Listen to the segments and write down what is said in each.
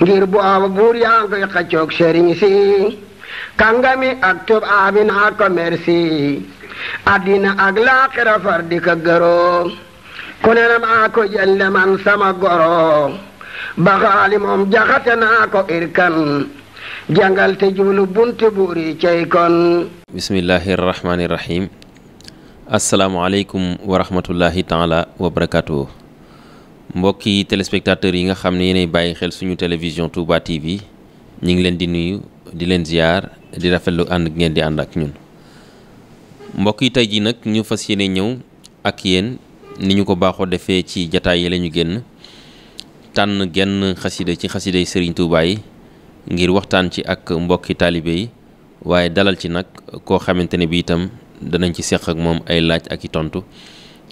ngir booba buur yaa ngi koy xaccoog sëriñ si ak tubaab yi naa ko merci addina ak laaxira far di ko ku ne na ko jëlle man sama goro baxaali moom jaxate ko irkan jàngal te jublu bunte buur yi cay kon bismillahi rahmaani taala wa mbokki téléspectateurs yi nga xam ne yéenay bàyyi xel suñu télévision Touba TV ñu ngi leen di nuyu di leen ziar di rafetlu ànd ngeen di ànd ak ñun mbokk yi tey jii nag ñu fas yéene ñëw ak yéen ni ñu ko baaxoo defee ci jataay yi la ñu génn tànn genn xasida ci xasida yi Serigne Touba yi ngir waxtaan ci ak mbokki taalibe yi waaye dalal ci nag koo xamante ne bi itam danañ ci seq ak moom ay laaj ak i tontu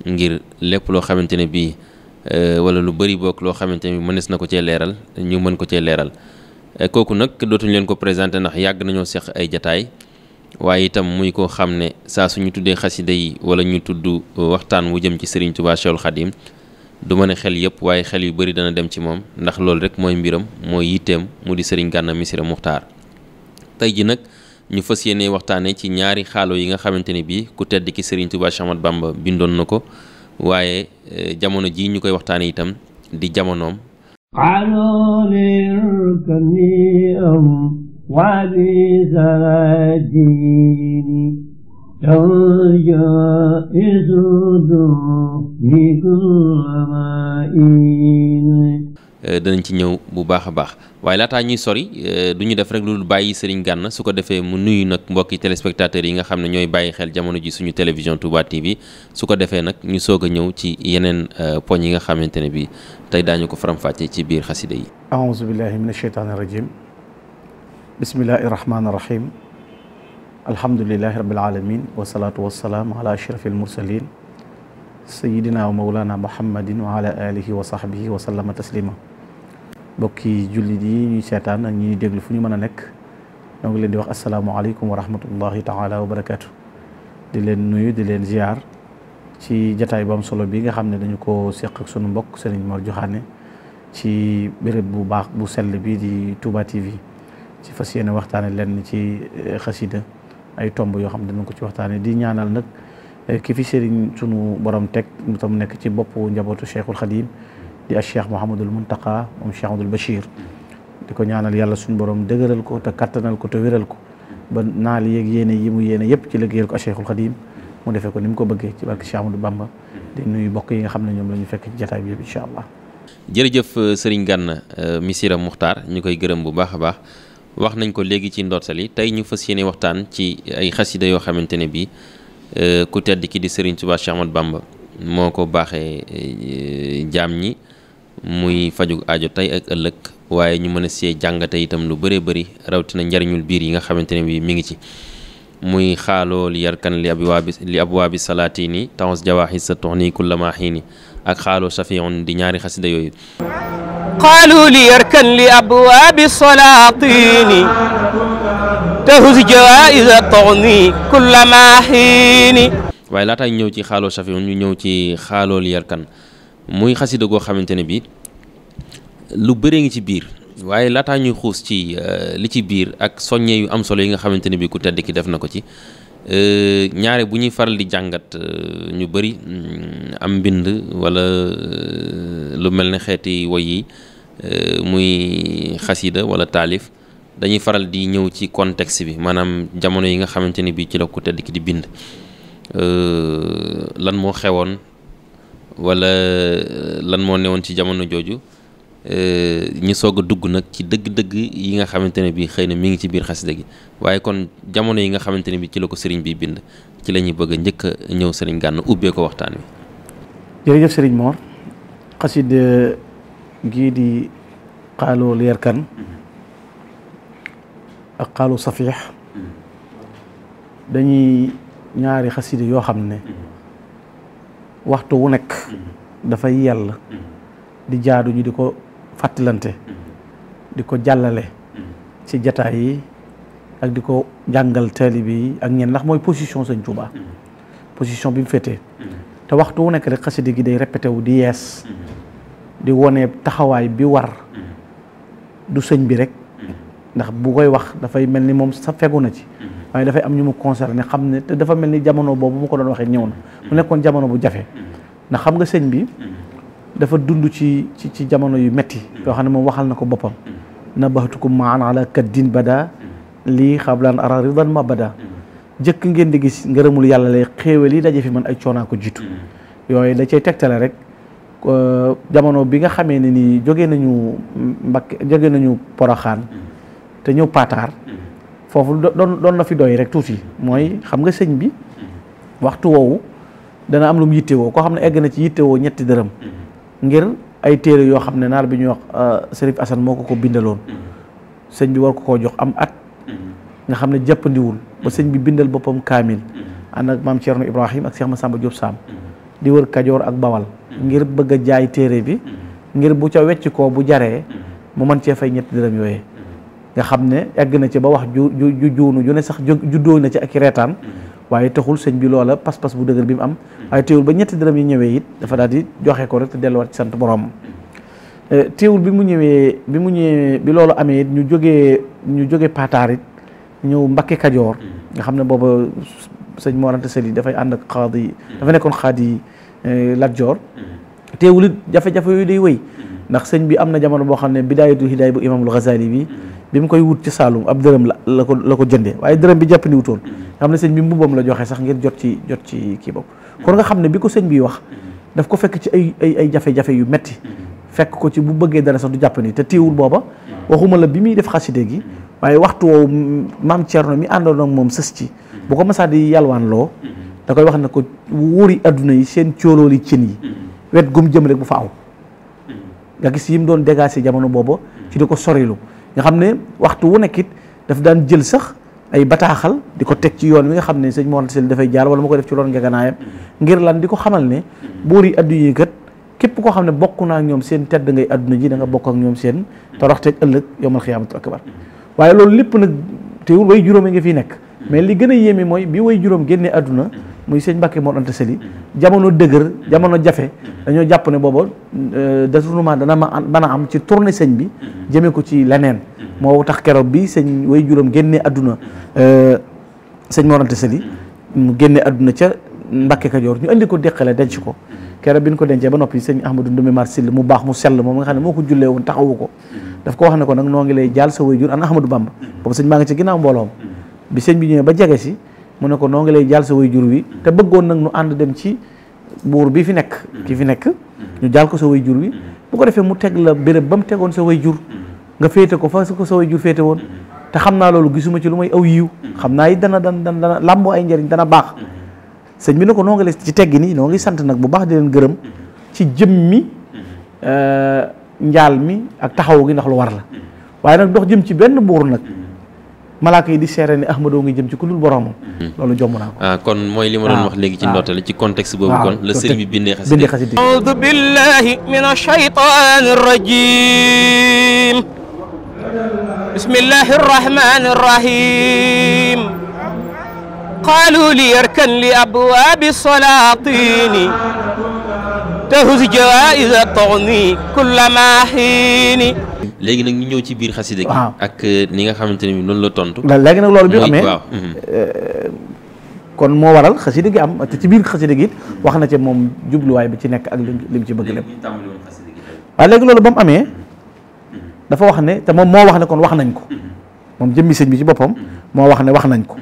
ngir lépp loo xamante ne bii. Euh, wala lu bëri bokk loo xamante ni mënees na ko cee leeral ñu mën ko cee leeral euh, kooku nag dootuñu leen ko présenté ndax yàgg nañoo seq ay jataay waaye itam muy ko xam ne saa su ñu tuddee xasida yi wala ñu tudd euh, waxtaan wu jëm ci Serigne Touba Cheikhul Khadim du ma ne xel yëpp waaye xel yu bëri dana dem ci moom ndax loolu rek mooy mbiram mooy yitteem mu di Serigne Gana Messere Muxtaar tey ji nag ñu fas yéene waxtaanee ci ñaari xaalo yi nga xamante ni bii ku tedd ki Serigne Touba Bamba bindoon na ko. waaye eh, jamono ji ñu koy waxtaane itam di jamonoom aa danañ ci ñëw bu baax a baax waaye laataa ñuy sori du ñu def rek lu bàyyi Serigne gànn su ko defee mu nuyu nag mbokki téléspectateurs yi nga xam ne ñooy bàyyi xel jamono ji suñu télévision Touba TV su ko defee nak ñu soog a ñëw ci yeneen poñ yi nga xamante ne bi tey daañu ko faram-fàcce ci biir xasida yi aouzu billahi min asheytaani rajim bismillahi rahmaani rahim alhamdulilahi rabbil alamin wasalaatu wasalaam ala ashrafi almursalin sayidina wa maulana muhammadin wa ala alihi wa sahbihi wa sallama taslima mbokki jullit yi ñuy seetaan ak ñuy déglu fu ñu mën a nekk ñoo ngi leen di wax asalaamualeykum wa rahmatullahi taala wa barakaatu di leen nuyu di leen ziar ci jataay bu solo bi nga xam ne dañu ko seq ak sunu mbokk Serigne Mor joxaane ci béréb bu baax bu sell bi di Touba TV ci fas yéene waxtaane lenn ci eh, xasida ay tomb yoo xam ne dinañ ko ci waxtaane di ñaanal nag eh, ki fi Serigne sunu borom teg mu tam nekk ci bopp njabootu Cheikhul Khadim di a cheikh Mouhamadul Muntaqa moom cheikh Mouhamadul Bachir di ñaanal yàlla suñu borom degeeral ko te kattanal ko te wiral ko ba naal yeek yene yi mu yene yep ci liggéeyal ko cheikhul khadim mu defee ko ni ko bëggee ci barke Cheikh Amadou Bamba di nuyu bokk yi nga xamne ñom lañu fekk ci jotaay bi inshallah incha serigne jërëjëf sëriñ Gana ñukoy gëreem bu baaxa baax wax nañ ko legi ci ndortali tay ñu fas yéene waxtaan ci ay khassida yo xamantene bi euh ku tedd ki di serigne touba Cheikh Ahmad Bamba moko ko baaxee jaam ñi muy fajug ajo tey ak ëllëg waaye ñu mën a see jàngate itam lu bëree bëri rawatina njariñul biir yi nga xamante ne bi mi ngi ci muy xaaloo li yarkan li ab waa bi li ab waa bi sa tox nii kullama xiini ak xaaloo safiun di ñaari xasida yooyu قالوا waaye laata ñëw ci xaaloo safiun ñu ñëw ci xaaloo li yarkan muy xasida goo xamante ne bi lu bëree ngi ci biir waaye laataa ñuy xuus ci euh, li ci biir ak soññe yu am solo yi nga xamante ne bi ku tedd ki def na ko ci euh, ñaare bu ñuy faral di jàngat euh, ñu bëri mm, am mbind wala lu mel ne xeeti woy yi muy xasida wala taalif dañuy faral di ñëw ci contexte bi maanaam jamono yi nga xamante ne bi ci la ku tedd ki di bind lan moo xewoon wala euh, lan moo newoon ci jamono jooju euh, ñi soog a dugg nag ci dëgg-dëgg yi nga xamante ne bi xëy na mi ngi ci biir xasida gi waaye kon jamono yi nga xamante ne bi ci la ko sëriñ bii bind ci la ñuy bëgg a njëkk a ñëw sëriñ gànn ubbee ko waxtaan wi. jërëjëf sëriñ Mor xasida gii di xaaloo leerkan ak xaaloo safiix mm-hmm. dañuy ñaari xasida yoo xam ne. Mm-hmm. waxtu wu nekk dafay yàlla di jaadu ñu di ko fàttalante di ko jàllale ci jataay yi ak di ko jàngal taalibe bi ak ñenn ndax mooy position sañ Tuubaa position bi mu féetee te waxtu wu nekk rek xasida gi day répété wu di yees di wone taxawaay bi war du sëñ bi rek ndax bu koy wax dafay mel ni moom sa fegu na ci da fay am ñu mu concerné xam te dafa melni ni jamono bobu mu ko doon waxe ñewna mu nekkon jamono bu jafe na xam nga señ bi dafa dund ci ci ci jamono yu metti yo xam mo waxal na bopam na bahtukum maan ala kaddin bada li khablan ara ridan ma bada jekk ngeen di gis ngeeramul yalla lay xéewal yi fi man ay coonaa ko jitu yoy da cey tektale rek jamono bi nga xamé ni nii nañu mbakk jóge nañu poroxaan te ñew patar. foofu doon doon na fi doy rek tuuti mooy xam nga sëñ bi waxtu woowu dana am lu mu yittewoo koo xam ne egg na ci yittewoo ñetti dërëm ngir ay téere yoo xam ne naar bi ñuy wax euh, Serif Assane moo ko ko bindaloon sëñ bi war ko koo jox am at nga xam ne jàppandiwul ba sëñ bi bindal boppam kaamil ànd ak maam Thierno Ibrahim ak Cheikh Massamba Diop Sam di wër Kajoor ak Bawal ngir bëgg a jaay téere bi ngir bu ca wecc ko bu jaree mu mën cee fay ñetti dërëm yooyee nga xam ne egg na ci ba wax ju ju ju ju ne sax juddoo na ci ak reetaan mm-hmm. waaye taxul sëñ bi loola pas-pas bu dëgër bi mu am mm-hmm. waaye teewul ba ñetti dërëm yi ñëwee it dafa daal di joxe ko rek te delluwaat ci sant borom mm-hmm. eh, teewul bi mu ñëwee bi mu ñëwee loolu amee it ñu jógee ñu jógee paataar it ñëw Mbakke Kajoor nga xam ne booba sëñ Mor Anta dafay ànd ak xaad yi dafa nekkoon xaad yi eh, Lat Joor teewul it jafe-jafe yooyu day wëy ndax sëñ bi am na jamono boo xam ne bidaayatul hidaaya bu imaamul Ghazali bi bi mu koy wut ci Saalum ab dërëm la la ko la ko jëndee waaye dërëm bi jàpp ni wutoon mm-hmm. xam ne sëñ bi mbubbam la joxe sax ngir jot ci jot ci kii boobu kon nga xam ne bi ko sëñ bi wax mm-hmm. daf ko fekk ci ay ay ay jafe-jafe yu metti mm-hmm. fekk ko ci bu bëggee dara sax du jàpp te téewul booba waxuma la bi muy def xaside gi waaye waxtu woowu maam Thierno mi àndoon ak moom sës ci boo ko masaa di yalwaan loo da koy wax ne ko wóori àdduna yi seen cóolooli cin yi wet gum jëm rek bu fa aw nga gis yim doon dégager jamono booba ci di ko sorilu nga xam ne waxtu wu nekkit daf daan jël sax ay bataaxal di ko teg ci yoon wi nga xam ne sëñ Mor Anta Sali dafay jaar wala mu ko def ci loon ngeganaayam ngir lan di ko xamal ne buur yi addu yi kat képp koo xam ne bokk naa ak ñoom seen tedd ngay adduna ji da nga bokk ak ñoom seen torox toroxteeg ëllëg yowmal xiyaamatu akbar waaye loolu lépp nag teewul way juróom nga fiy nekk mais li gën a yéeme mooy bi way juróom génnee adduna muy sëñ Mbàkke Mor Anta Sali jamono dëgër jamono jafe dañoo jàpp ne booba euh, détournement dana ma mën am ci tournée sëñ bi jëmee ko ci leneen moo tax keroog bi sëñ way juróom génnee àdduna euh, sëñ Mor Anta Sali mu génnee àdduna ca Mbàkke Kajoor ñu indi ko déqale denc ko keroog bi ñu ko dencee ba noppi sëñ Ahmadou Ndoumbé Mar Sill mu baax mu sell moom nga xam ne moo ko jullee woon taxawu ko daf ko wax ne ko nag noo ngi lay jaal sa way jur an Ahmadou Bamba boobu sëñ maa ngi ci ginnaaw mu ne ko noo ngi lay jaal sa way jur wi te bëggoon nag nu ànd dem ci buur bii fi nekk ki fi nekk ñu jaal ko sa way jur wi bu ko defee mu teg la béréb ba mu tegoon sa way jur nga féete ko fa ko sa way jur féete woon te xam naa loolu gisuma ci lu may aw yiw xam naa it dana dana dana làmboo ay njëriñ dana baax sëñ bi ne ko noo ngi lay ci teggi nii noo ngi sant nag bu baax di leen gërëm ci jëm mi euh, njaal mi ak taxaw gi ndax lu war la waaye nag dox jëm ci benn buur nag malaaka yi di seere ni Ahmadou ngi jëm ci ku dul boromam. Mhm. loolu naa ah, kon mooy li ma doon ah, wax léegi ci ah. ndorteel ci contexte boobu kon. la sëriñ bi bindee xasida bindee xasida. aoudu billahi min ashaytaani rajim bismillahi arrahmani arrahim qaalu li yarkan li abwaabi salaatini taxus jawaïsa toxni kullama xiini léegi nag ñu ñëw ci biir xasida gi ak euh, ni nga xamante ne bi noonu la tontu léegi nag loolu bi amee euh, mhm. kon moo waral xasida gi am te ci biir xasida gi wax na ci moom jubluwaay bi ci nekk ak lim ci bëgg lem waaye léegi loolu ba mu amee mhm. dafa wax ne te moom moo wax ne kon wax nañ ko mhm. moom jëmmi sëñ bi ci boppam moo wax ne wax nañ ko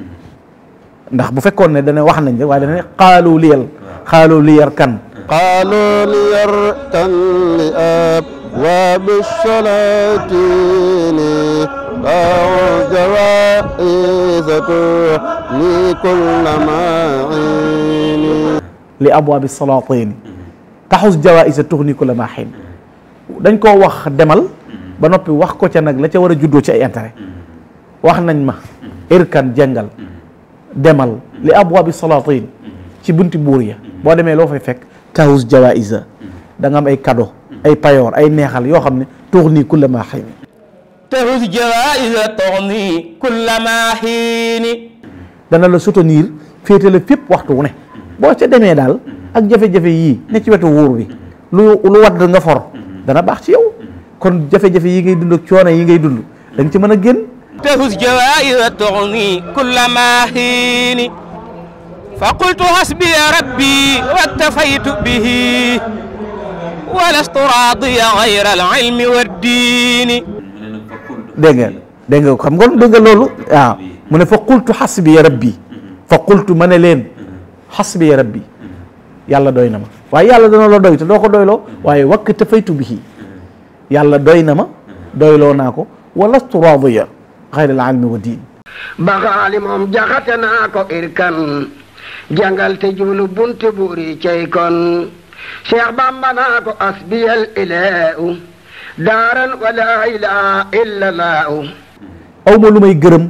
ndax bu fekkoon ne dana wax nañ rek waaye dana xaalu liyal xaalu liyar kan قالوا ليرتن لأب وبالشلاتين لكل معين لأبواب السلاطين demal ba noppi wax ko ca nag la ca war a juddoo irkan jàngal demal li abwaabi salatin ci bunti buur ya kaawus jawaïsa mm-hmm. da nga am ay cadeau ay mm-hmm. payoor ay neexal yoo xam ne tuux nii kulla maa xiini kaawus jawaïsa tuux nii kulla maa xiini mm-hmm. dana la soutenir féete la fépp waxtu wu ne boo ca demee daal ak jafe-jafe yii ne ci wetu wuur bi lu lu wadd nga for dana baax ci yow kon jafe-jafe yi ngay dund ak coono yi ngay dund da ci mën a génn kaawus jawaïsa tuux nii kulla maa xiini fa qultu hasbiya rabbi waktafaytu bihi wa lastu raadiya gayra al-ilmi wa diini. dégg ngeen dégg nga xam nga dégg nga loolu waaw ah, mu ne fa qultu hasbiya rabbi fa qultu ma ne leen hasbiya rabbi yàlla doy na ma waaye yàlla dana la doy te doo ko doyloo waaye waktafaytu bihi yàlla doy na ma doyloo naa ko wa lastu raadiya gayra al-ilmi wa diini. baxaali moom jaxate naa ko irkan. jàngal te jublu bunti buuri cey bamba naa ko asbiyal ilaahu daaran wala ilaa illa laahu aw ma lu may gërëm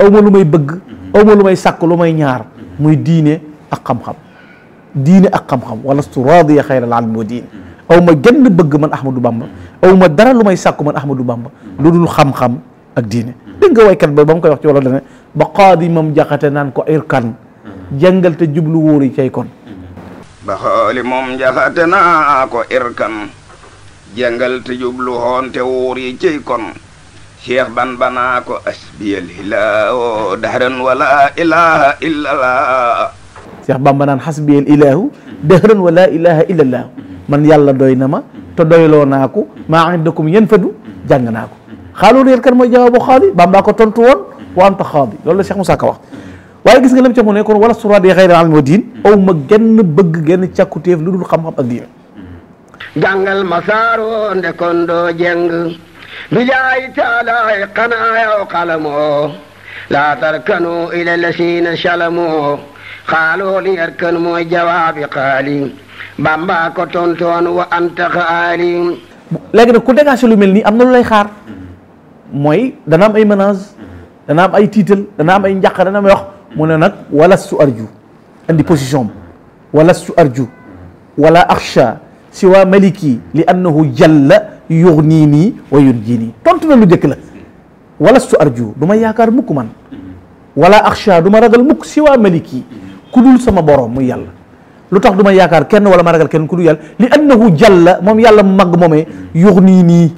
aw ma lu may bëgg aw ma lu may sàkk lu may ñaar muy diine ak xam-xam diine ak xam-xam wala su raadiya xayral almi wa diin aw ma genn bëgg man ahmadou bamba aw ma dara lu may sàkku man ahmadou bamba lu dul xam-xam ak diine dégg nga waykat ba ba mu koy wax ci wala dane ba qaadi mam jaxate naan ko irkan jangal te jublu wori cey kon ba xooli mom njaxate ko irkan jangal te jublu hon te wóor kon cheikh ban bana ko asbiyal dahran wala ilaha illallah cheikh ban banan hasbiyal ilahu dahran wala ilaha illallah man yalla doy to ma te doyloo naa jangan aku, indakum yen fadu jàng naa kan bamba ko tontu won wa anta xaadi lolou cheikh Moussa Ka wax waaye gis nga lam ca mu ne kon wala suraat yi xayri almi diin aw ma genn bëgg genn càkkutéef lu dul xam-xam ak diine jàngal ma saaroo ndekon doo jeng bijaayi taalaay xanaa yow xalamoo laa tarkanu ila lasina salamoo xaaloo li yarkan mooy jawaabi xaali bambaa ko wa anta xaali léegi nag ku dégagé lu mel nii am na lu lay xaar mooy dana ay menace dana am ay tiital dana ay njàq dana ay wax mu ne nag wala su arju andi position am wala su arju wala axsha siwa maliki li annahu jalla yugnii nii wa yunjii nii tontu na lu jëkk la wala su arju du ma yaakaar mukk man wala axsha du ma ragal mukk siwa maliki ku dul sama borom muy yàlla lu tax du yaakaar kenn wala ma ragal kenn ku dul yàlla li annahu jalla moom yàlla mu mag moomee yugnii nii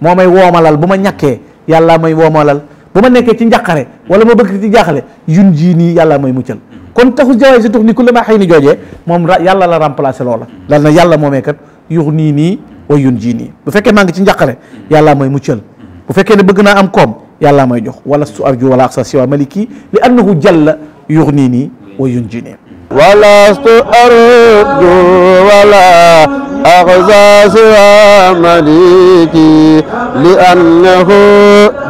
moo may woomalal bu ma ñàkkee yàlla may woomalal bu ma nekkee ci njàqare wala ma bëgg ci jaaxale yun jii nii yàlla mooy muccal kon taxu jawaay si tux ni ku la maa xëy ni joojee moom yàlla la remplacé loola dal na yàlla moomee kat yux nii nii way yun jii nii bu fekkee maa ngi ci njàqare yàllaa mooy muccal bu fekkee ne bëgg naa am koom yàllaa mooy jox wala su arju wala aksa siwa maliki li annahu jalla yux nii nii nii wala su arju wala أغزى سوى مليكي لأنه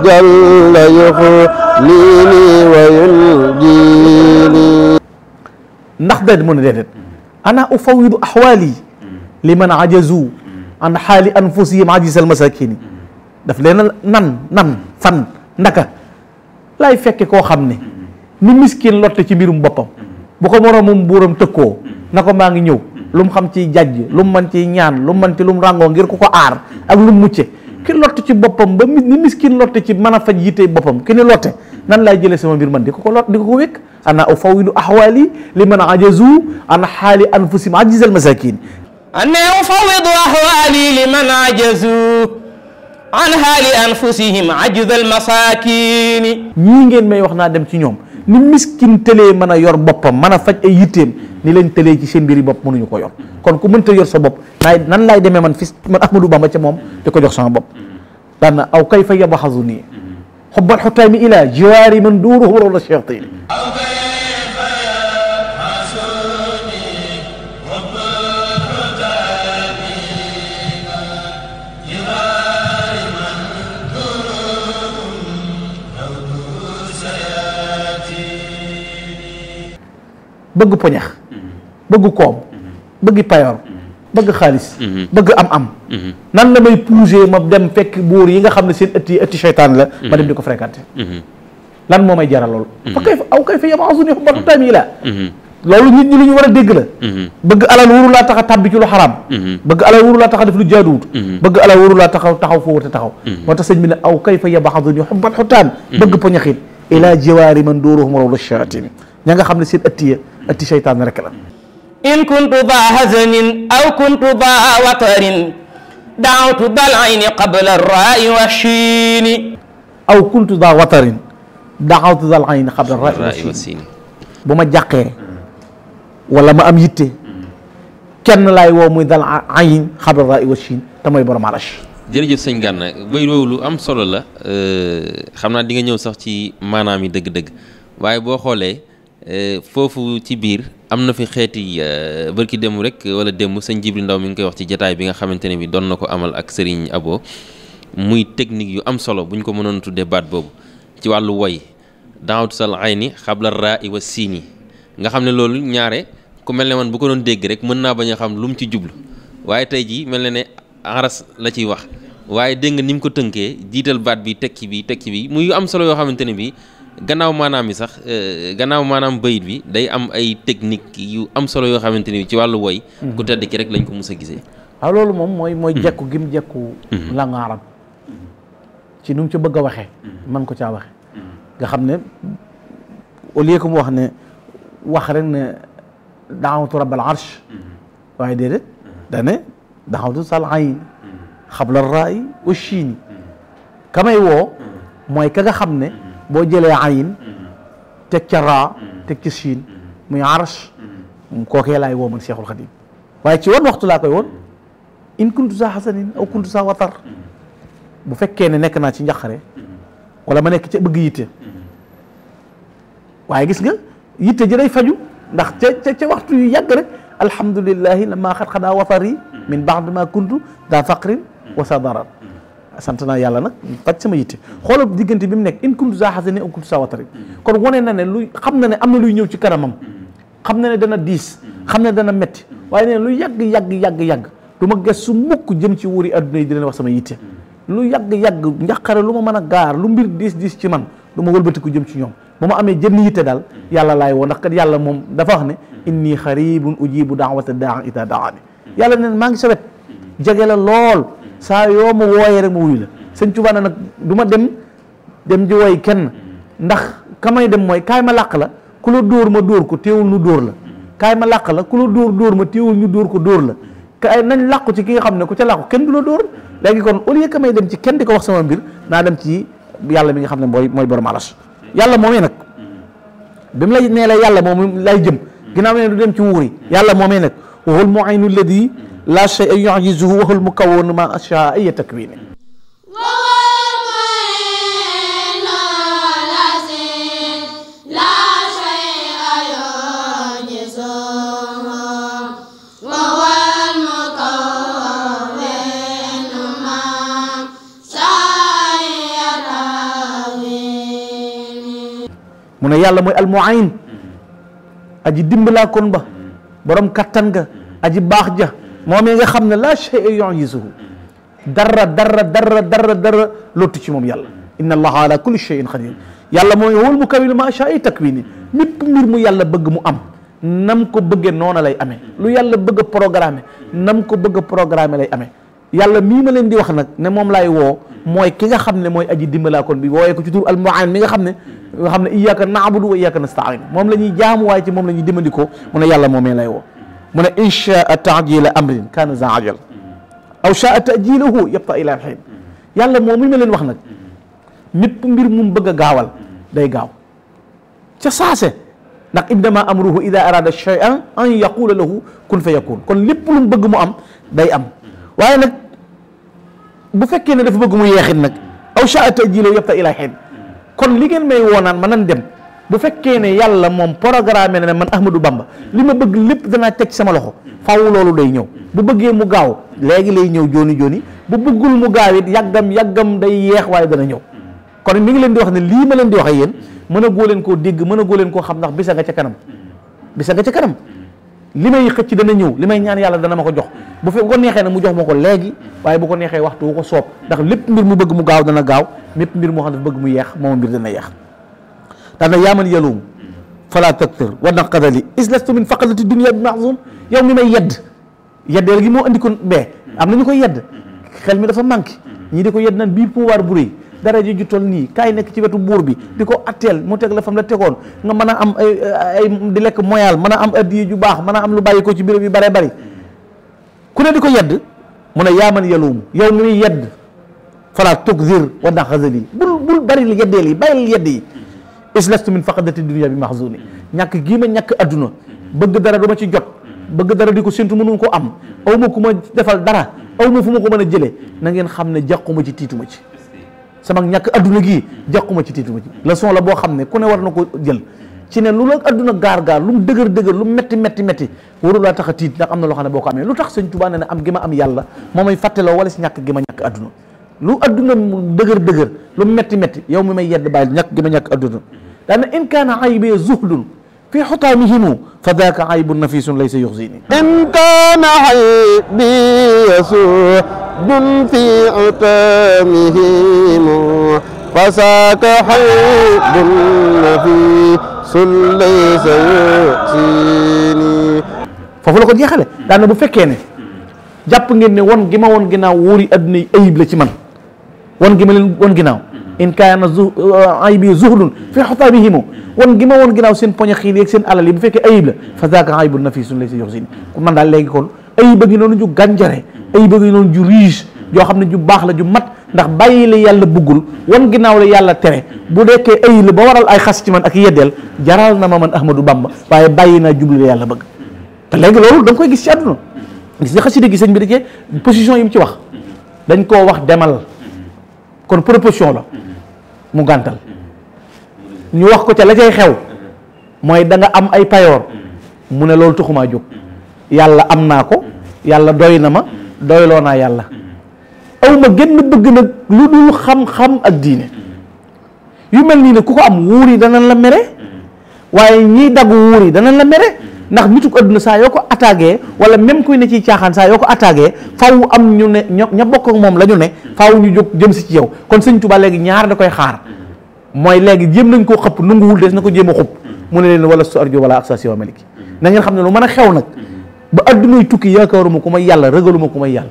جل يخليني وينجيني نخبر من ذلك أنا أفوض أحوالي liman ajazu an hali anfusihim ajisal masakini daf leen nan nan fan naka. lay fekke koo ni miskin lotte ci mbirum boppam bu ko moromum buuram tëkkoo na ngi lu mu xam ci jajj lu mu mën ci ñaan lu mu mën ci lu mu ràngoo ngir ku ko aar ak lu mu mucce ki lott ci boppam ba ni miskin lotte ci mën a faj yitte boppam ki ni lotte nan laay jëlee sama mbir man di ko ko lot di ko ko wékk ana ufawilu ahwali li man ajazu an xaali anfusim ajizal masakin ana ufawidu ahwali li man ajazu an xaali anfusihim ajizal masakin ñii ngeen may wax naa dem ci ñoom ni miskin tëlee mën a yor boppam mën a faj ay yitteem ni leen tëlee ci seen mbiri bopp mënuñu ko yor kon ku mënta yor sa bopp naay nan laay demee man ma man Ahmadou Bamba ca moom di ko jox sama bopp daan na aw kay fa yabaxasu nii xubbal mi ilaa jiwaari man la wala cheikh bëgg poñax mhm. bëgg koom mhm. bëgg payor, mhm. bëgg xaaliss bëgg am-am nan la may poussé ma dem fekk bour yi nga xamne seen ëtti ëtti shaytan la ma dem diko fréquenter lan mo may jaral loolu fa kay aw kay fa yama asuni xubbatu tam yi la nit ñi lu ñu wara a dégg la bëgg ala wuru la taxa tabbi ci lu haram bëgg ala wuru la taxa def lu jaaduwut bëgg ala wuru la taxaw taxaw foo wata taxaw moo tax sëñ bi ne aw kayfa fa yabaxadun yu hutan bëgg poñaxit ila jiwari man ña nga seen atti seytaane rek la in kuntu da hazanin aw kuntu da watarin daawtu dal ayni qabla rai wa shiini aw kuntu da watarin daawtu dal ayni qabla rai wa shiini bu ma jàqee wala ma am yitte kenn laay woo muy dal ayin xabla raa wa siin te mooy borom arash jërëjëf sëñ Gana bay woowu lu am solo la xam naa di nga ñëw sax ci maanaam yi dëgg-dëgg waaye boo xoolee Euh, foofu ci biir am na fi xeeti euh, ki démb rek wala démb sañ Jibril Ndaw mi ngi koy wax ci jataay bi nga xamante ne bi doon na ko amal ak Serigne Abo muy technique yu am solo bu ñu ko mënoon tuddee baat boobu ci wàllu woy daawatu sal ayni xabla raa i siini nga xam ne loolu ñaare ku mel ne man bu ko doon dégg rek mën naa bañ a xam lu mu ci jublu waaye tey jii mel na ne aras la ciy wax waaye dégg nga ni mu ko tënkee jiital baat bi tekki bi tekki bi muy am solo yoo xamante ne bi gannaaw maanaam yi sax euh, gannaaw maanaam bayit bi day am ay technique yu am solo yoo xamante ni ci wàllu woy ku tedd ki rek lañ ko mus sa gisee waaw loolu moom mooy mooy hmm. jekku gim jekku hmm. langue arabe ci nu mu ci bëgg a waxee hmm. man ko caa waxe nga xam ne au lieu que mu wax ne wax rek ne daawatu rabbal waaye déedéet dane sal ayn xabla raay wa chiini kamay woo mooy ka nga xam ne boo jëlee ayin teg ca raa teg ca siin muy arsh kookee laay woo man Cheikhul Khadim waaye ci wan waxtu laa koy woon in kuntu saa xasanin aw kuntu saa watar bu fekkee ne nekk naa ci njaqare wala ma nekk ca bëgg yitte waaye gis nga yitte ji day faju ndax ca ca waxtu yu yàgg rek alhamdulillahi lama xat xadaa watar yi min ba'di ma kuntu daa faqrin wa sa darar sant naa yàlla nag faj sama yitte xoolal diggante bi mu nekk in kuntu saa xasee ne in kuntu saa watari kon wane na ne luy xam na ne am na luy ñëw ci kanamam xam na ne dana diis xam ne dana metti waaye nee lu yàgg yàgg yàgg yàgg du ma gëstu mukk jëm ci wuri adduna yi wax sama yitte lu yàgg yàgg njàqare lu ma mën a gaar lu mbir diis diis ci man du ma wëlbatiku jëm ci ñoom bu ma amee jënn yitte daal yàlla laay woo ndax kat yàlla moom dafa wax ne inni xaribun ujibu daawata daa ida daani yàlla neen maa ngi sa wet jege saa yoo ma wooyee rek ma wuyu la sëñ Tuubaa na nag du dem dem di woy kenn ndax ka dem mooy kaay ma làq la ku la dóor ma dóor ko téyewul nu dóor la kaay ma làq la ku la dóor dóor ma téewul ñu dóor ko dóor la kaay nañ làqu ci ki nga xam ne ku ca làqu kenn du la dóor léegi kon au lieu may dem ci kenn di ko wax sama mbir naa dem ci yàlla mi nga xam ne mooy mooy borom alas yàlla moomee nag bi nee la yàlla moom lay jëm ginnaaw ne du dem ci wuur yi yàlla moomee nag waxul moo ay nu ladi laa shay'a yu'jizuhu wa huwa al-mukawwinu maa ashaa ay takwini mu ne yàlla mooy almuayin aji dimbalaa kon ba borom kattan ga aji baax ja مؤمن يخمن لا شيء يعجزه در در در در در لوتي موم يلا ان الله على كل شيء قدير يلا موي هو المكمل ما شاء إيه تكويني نيب مير مو يلا بغ مو ام نام نون لاي امي لو يلا بغ بروغرامي نام كو بغ لاي امي يلا مي ما لين دي واخ نك ني موم لاي وو موي كيغا خامن موي كون بي ووي كو تي دور المعان ميغا خامن خامن اياك نعبد واياك نستعين موم لا جام واي تي موم لا ني ديمانديكو يلا مومي لاي وو من إن شاء تعجيل أمر كان ذا عجل أو شاء تأجيله يبقى إلى الحين يلا مؤمن من الوحنة نبقى مير مم بقى قاول داي قاو تساسة نك إنما أمره إذا أراد الشيء أن يقول له كن فيكون كن لب لم بقى مؤم داي أم وأنا بفكر إن دفع بقى نك أو شاء تأجيله يبقى إلى الحين كن لين ما يوانا منن دم bu fekkee ne yàlla moom programme na man Ahmadou Bamba li ma bëgg lépp danaa teg sama loxo faw loolu day ñëw bu bëggee mu gaaw léegi lay ñëw jooni jooni bu bëggul mu gaaw it yàggam yàggam day yeex waaye dana ñëw kon mi ngi leen di wax ne lii ma leen di wax ak yéen mën a góo leen koo dégg mën a góo leen koo xam ndax bisa nga ca kanam bisa nga ca kanam li may xëcc dana ñëw li may ñaan yàlla dana ma ko jox bu fekk ko neexee nag mu jox ma ko léegi waaye bu ko neexee waxtu wu ko soob ndax lépp mbir mu bëgg mu gaaw dana gaaw lépp mbir moo xam ne bëgg mu yeex moom mbir dana yeex أنا يا يلوم فلا تكثر ونقض لي إذ لست من فقدة الدنيا بمعظوم yow mi may yedd yeddeel gi moo andi ko bee am na ñu koy yedd xel mi dafa manqué ñii di ko dara ji ju toll nii kaay ci wetu buur bi di ko atteel mu la fam la tegoon nga mën am ay ay di lekk moyal mën a am addiye ju baax mën a am lu bàyyi ko ci béréb yu bare bari ku ne di yedd mu ne yaa man yow mi yedd fala tugzir wa naxasali bul bul bari li yeddeel yi bàyyil yedd yi islastu min faqadati dunia bi mahzuni ñàkk gii ma ñàkk adduna bëgg dara du ma ci jot bëgg dara di ko séntu mënu ko am aw ma ku ma defal dara aw fu ma ko mën a jëlee na ngeen xam ne jàquma ci tiituma ci sama ñàkk adduna gii jàquma ci ci leçon la boo xam ne ku ne war na ko jël ci ne lu la adduna gaar gaar lu mu dëgër dëgër lu mu metti metti metti laa tax a tiit ndax am na loo xam ne boo ko amee lu tax sëñ Tuubaa ne ne am gi ma am yàlla moo may fàtteloo wala si ñàkk gi ma ñàkk adduna lu aduna mu deugar deugar lu metti metti yow mu may yedd bay ñak gima ñak aduna dan in kana aybi zuhdun fi hutamihim fadhaka aibun nafisun laysa yukhzini in kana aybi zuhdun fi hutamihim fasaka aybun nafisun laysa yukhzini fofu la ko jexale dan bu fekke ne japp ngeen ne won gima won gina wuri adni ayib la ci man wan gi ma leen wan ginnaaw mm-hmm. in kaana zu uh, ayib yi zuhdun fi xotaabihimu wan gi ma wan ginnaaw seen poñe xiir yeeg seen alal yi bu fekkee ayib la fa zaaka ayibun na fii suñu lay si yox sin ku man daal léegi kon ayib a ngi noonu ju gànjare ayib a xam ne ju baax la ju mat ndax bàyyi la yàlla buggul wan ginnaaw la yàlla tere bu dekkee ayib waral ay xas ci man ak yeddeel jaral na ma man Ahmadou Bamba waaye bàyyi naa jublu yàlla bëgg te léegi loolu da nga gis ci àdduna gis nga xasida gi sëñ bi da position yi mu ci wax dañ koo wax demal kon proposition la mu gàntal ñu wax ko ca la cay xew mooy danga am ay payoor mu ne loolu taxumaa jóg yàlla am naa ko yàlla doy na ma doyloo naa yàlla aw ma génn bëgg nag lu dul xam-xam ak diine yu mel nii ne ku ko am wuur yi danañ la mere waaye ñii dagg wuur yi danañ la mere ndax nitu ko àdduna saa yoo ko attaqué wala même kuy ne ciy caaxaan saa yoo ko attaqué faw am ñu ne ña bokk ak moom la ñu ne faw ñu jóg jëm si ci yow kon sëñ Tuubaa léegi ñaar da koy xaar mooy léegi jéem nañ koo xëpp nanguwul des na ko jéem a mu ne leen wala su arjo wala ak sa si meliki na ngeen xam ne lu mën a xew nag ba addunay tukki yaakaaruma ku ma yàlla ragaluma ku may yàlla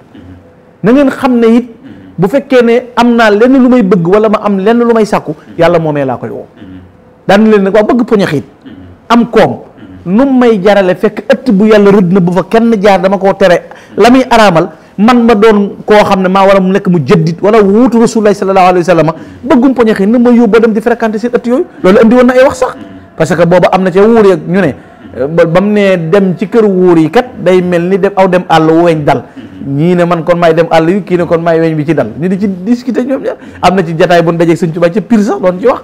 na ngeen xam ne it bu fekkee ne am naa lenn lu may bëgg wala ma am lenn lu may sàkku yàlla moomee laa koy woo daan leen nag waa bëgg poñax it am koom nu may jarale fekk ëtt bu yàlla rëdd na bu fa kenn jaar dama koo tere la muy araamal man ma doon koo xam ne maa war a mu nekk mu jëddit wala wuutu rasulullah sallallahu alayhi wa sallam bëggum poñe xëy ma yóbbu dem di fréquenter seen ëtt yooyu woon na ay wax sax parce que booba am na ca wuur yeeg ñu ne ba mu ne dem ci kër wuur yi kat day mel ni dem aw dem àll weñ dal ñii ne man kon maay dem àll yu kii ne kon maay weñ bi ci dal ñu di ci discuter ñoom ñaar am na ci jataay bu ñu dajeeg sëñ Tuubaa ci pire sax doon ci wax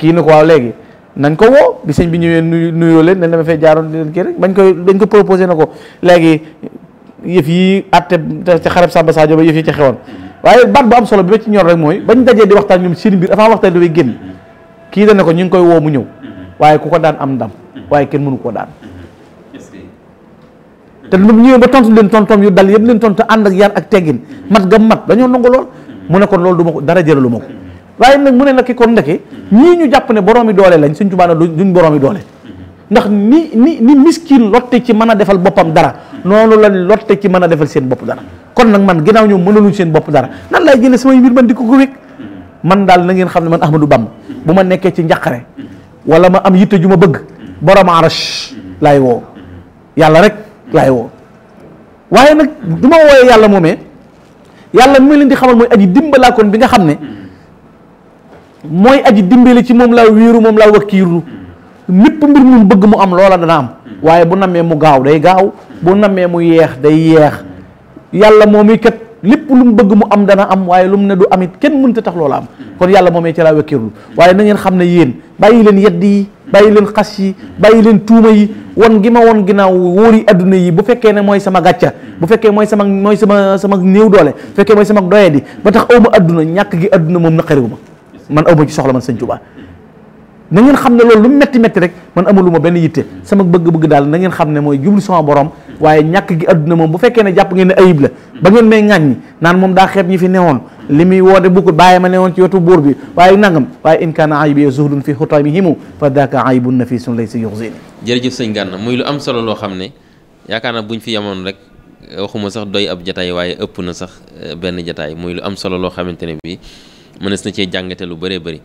kii ne ko waaw léegi nañ ko woo bi sëñ bi ñëwee nuyu nuyoo leen ne ma fay jaaroon di leen kii rek bañ koy dañ ko proposé na ko léegi yëf yi atte ci xarab Samba Sadio ba yëf yi ci xewoon waaye baat bu am solo bi ba ci ñor rek mooy bañ dajee di waxtaan ñoom seen biir avant waxtaan dafay génn kii dana ko ñu ngi koy woo mu ñëw waaye ku ko daan am ndam waaye kenn mënu koo daan te lu ñëwee ba tontu leen tontom yu dal yëpp leen tontu ànd ak yar ak teggin mat gam mat dañoo nangu mu ne kon loolu du ma dara jëralu ma waaye nag mu ne nag ki kon ndeke ñii ñu jàpp ne boroomi doole lañ Sëñ Tuubaa ne duñ boroomi doole ndax ni ni ni miskin lotte ci mën a defal boppam dara noonu la lotte ci mën a defal seen bopp dara kon nag man ginnaaw ñoom mënaluñ seen bopp dara nan laay jëlee samay mbir man di ko ko wékk man daal na ngeen xam ne man Ahmadou Bamba bu ma nekkee ci njaqare wala ma am yitte ju ma bëgg borom arash laay woo yàlla rek laay woo waaye nag du ma wooyee yàlla moomee leen di xamal mooy aji dimbalaakoon bi nga xam ne mooy aji dimbale ci moom laa wéeru moom laa wakkiiru mépp mbir mu bëgg mu am loola dana am waaye bu nammee mu gaaw day gaaw bu nammee mu yeex day yeex yàlla moom i kat lépp lu mu bëgg mu am dana am waaye lu mu ne du amit kenn mënta tax loola am kon yàlla moomee ci laa wekkeerlu waaye na ngeen xam ne yéen bàyyi leen yedd yi bàyyi leen xas yi bàyyi leen tuuma yi won gi ma won ginnaaw wóor yi àdduna yi bu fekkee ne mooy sama gàcca bu fekkee mooy sama mooy sama sama néew doole fekkee mooy sama doye di ba tax awma adduna ñàkk gi adduna moom naqariwu ma man awma ci soxla man sëñ Tuubaa na ngeen xam ne loolu lu metti metti rek man amaluma benn yitte sama bëgg-bëgg daal na ngeen xam ne mooy jublu sama borom waaye ñàkk gi adduna moom bu fekkee ne jàpp ngeen ne ayib la ba ngeen may ŋàññi naan moom daa xeeb ñi fi newoon li muy woote bukkul bàyyi ma newoon ci wetu buur bi waaye nangam waaye in kaana aybi zuhdun fi xutamihimu fa daaka aybun nafisun laysa yuxzini jërëjëf sëñ Gana muy lu am solo loo xam ne yaakaar naa buñ fi yemoon rek waxuma sax doy ab jataay waaye ëpp na sax eh, benn jataay muy lu am solo loo xamante ne bi mënees na cee jàngate lu bëree bëri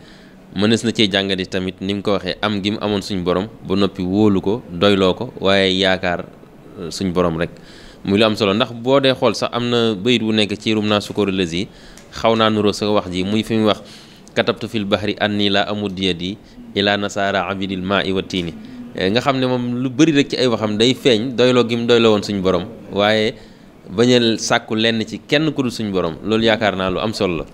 mënees na cee jàngate tamit ni mu ko waxee am gi mu amoon suñu borom ba noppi wóolu ko doyloo ko waaye yaakaar euh, suñu borom rek muy lu am solo ndax boo dee xool sax am na bayit wu nekk ci rum naa sukkaru lës yi xaw naa nuroo sa wax ji muy fi mu wax katabtu fil bahri anni la amud yadi ila nasara abidil ma i wa tiini eh, nga xam ne moom lu bëri rek ci ay waxam day feeñ doyloo gi mu doyloo woon suñu borom waaye bañ sàkku lenn ci kenn ku dul suñ borom loolu yaakaar naa lu am solo la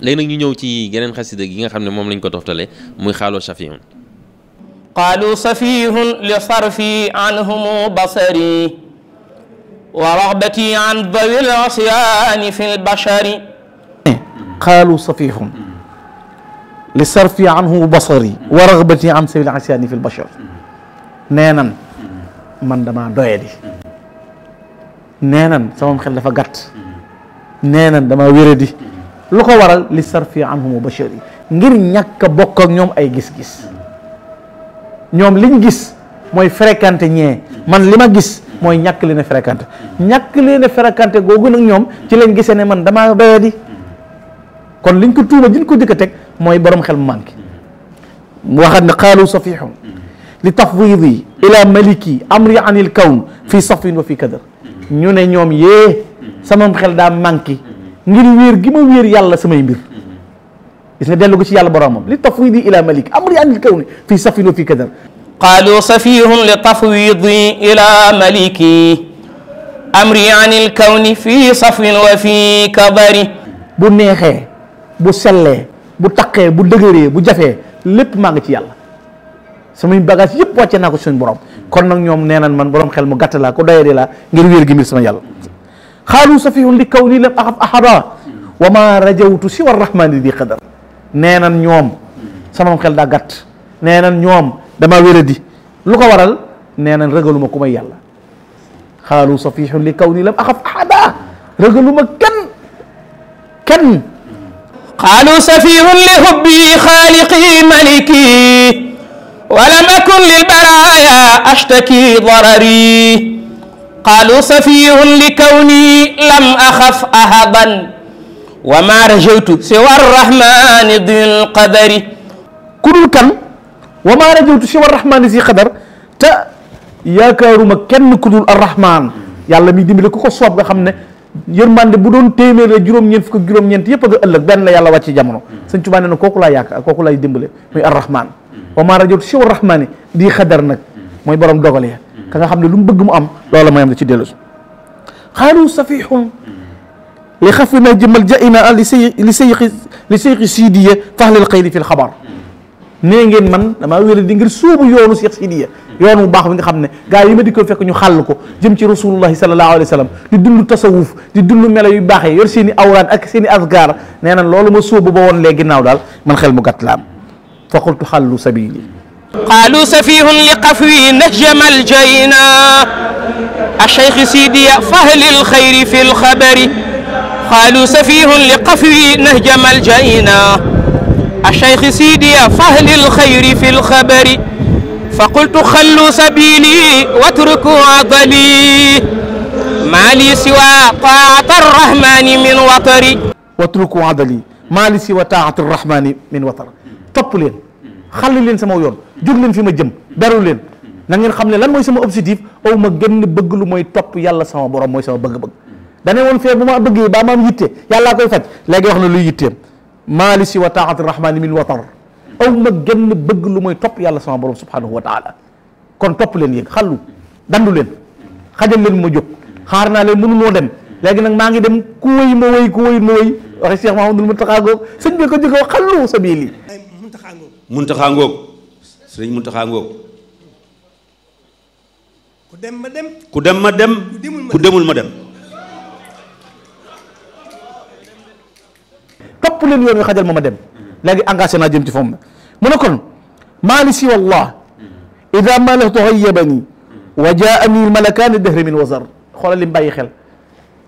léegi nag ñu ñëw ci geneen xasida gi nga xam ne moom lañ ko toftale muy xaaloo safihun qaalu safihun li sarfi anhumu basari wa raxbati an dawil asyaani fi lbashari qaalu safihun li sarfi anhumu basari wa raxbati an dawil asyaani fi lbashari nee nan man damaa doyadi nee nan sama xel dafa gàtt nee nan damaa wéradi lu ko waral li sarfi anhum mubashiri ngir ñak bokk ak ñom ay gis-gis ñom liñ gis moy fréquenté man lima gis moy ñak li a fréquenté ñak li a fréquenté gogu nak ñom ci leen gisé ne man dama bayadi kon liñ ko tuuma jiñ ko jëkk tek moy borom xel manki waxat ni qalu safihun li tafwidi ila maliki amri anil kawn fi safin wa fi kadar ñu ne ye sama xel daa ngir wéer gi ma wéer yàlla samay mbir gis na delu ci yàlla boromam li tafwidi ila malik amri anil kawni fii safin kadar qalu kadar li tafwidi ila maliki amri anil kawni fi safin wa fi كبر bu nexé bu sellee bu takké bu degeeré bu jafé lépp ma nga ci yàlla samay bagage yep wàcce naa ko suñu borom kon nak ñom nenañ man borom xel mu gàtt la ko doyadi la ngir wéer gi mbir sama yàlla خالو سفيه لكوني لم أخف أحدا وما رجوت سوى الرحمن ذي قدر نانا نيوم سما مخل دا غات نانا نيوم دما وردي لوكا ورال نانا رجل مكوما يالا خالو صفيح لكون لم أخف أحدا رجل مكن كن قالوا سفيه لحبي خالقي ملكي ولم اكن للبرايا اشتكي ضرري qaalu safihun li kawni lam axaf ahadan wa ma rajawtu siwa arrahmani dil qadari ku dul kan wa ma rajawtu siwa arrahmani si qadar te yaakaaruma kenn ku dul arrahman yàlla mi dimbali ku ko soob nga xam ne yërmande bu doon téeméer la juróom-ñeent fukk ak juróom-ñeent yëpp a nga ëllëg benn la yàlla wàcc jamono sëñ Tuubaa nee na kooku laa yaakaar kooku laay dimbale muy arrahman wa ma rajawtu siwa arrahmani di xadar nag mooy borom dogale ka nga xam ne lu mu bëgg mu am loola mooy am da ci dellu xaalu safihum li xafi na jëmal ja ina li say li sayqi li sayqi siidiya faxlil xayri fi lxabar nee ngeen man damaa wéra di ngir suubu yoonu Cheikh Sidiya yoon bu baax bi nga xam ne gaa yi ma di ko fekk ñu xàll ko jëm ci rasulullahi sallallahu alayhi wa sallam di dund tasawuf di dund melo yu baax yi yor seen i awraad ak seen i asgaar nee na loolu ma sóobu ba woon léegi ginnaaw daal man xel mu gàtt la am fa qultu xàllu sabili قالوا سفيه لقفوي نهجم الجينا الشيخ سيدي فهل الخير في الخبر قالوا سفيه لقفوي نهجم الجينا الشيخ سيدي فهل الخير في الخبر فقلت خلوا سبيلي واتركوا عضلي ما لي سوى طاعة الرحمن من وطري واتركوا عضلي ما لي سوى طاعة الرحمن من وطر طب xàll leen sama yoon jog leen fi ma jëm daru leen na ngeen xam ne lan mooy sama objectif aw ma genn bëgg lu mooy topp yàlla sama borom mooy sama bëgg-bëgg dane woon fee bu ma bëggee ba ma am yitte yàllaa koy faj léegi wax na luy yitteem wa rahmani min watar aw ma genn bëgg lu mooy topp yàlla sama borom subhanahu wa taala kon topp leen yéen xallu dandu leen xajal leen ma jóg xaar naa leen mënu dem léegi nag maa ngi dem ku wëy ma wëy ku wëyut ma waxe Cheikh Mahamadul goog sëñ bi ko xallu sabili muntaxaa ngoog sëriñ muntaxaa ngoog ku dem ma dem ku dem ma dem ku demul ma dem topp leen yoon wi xajal ma ma dem léegi engagé naa jëm ci fomm na mu ne kon maali si wallah ida ma la tuxayabani wa jaani lmalakaani dahri min wasar xoolal li mu xel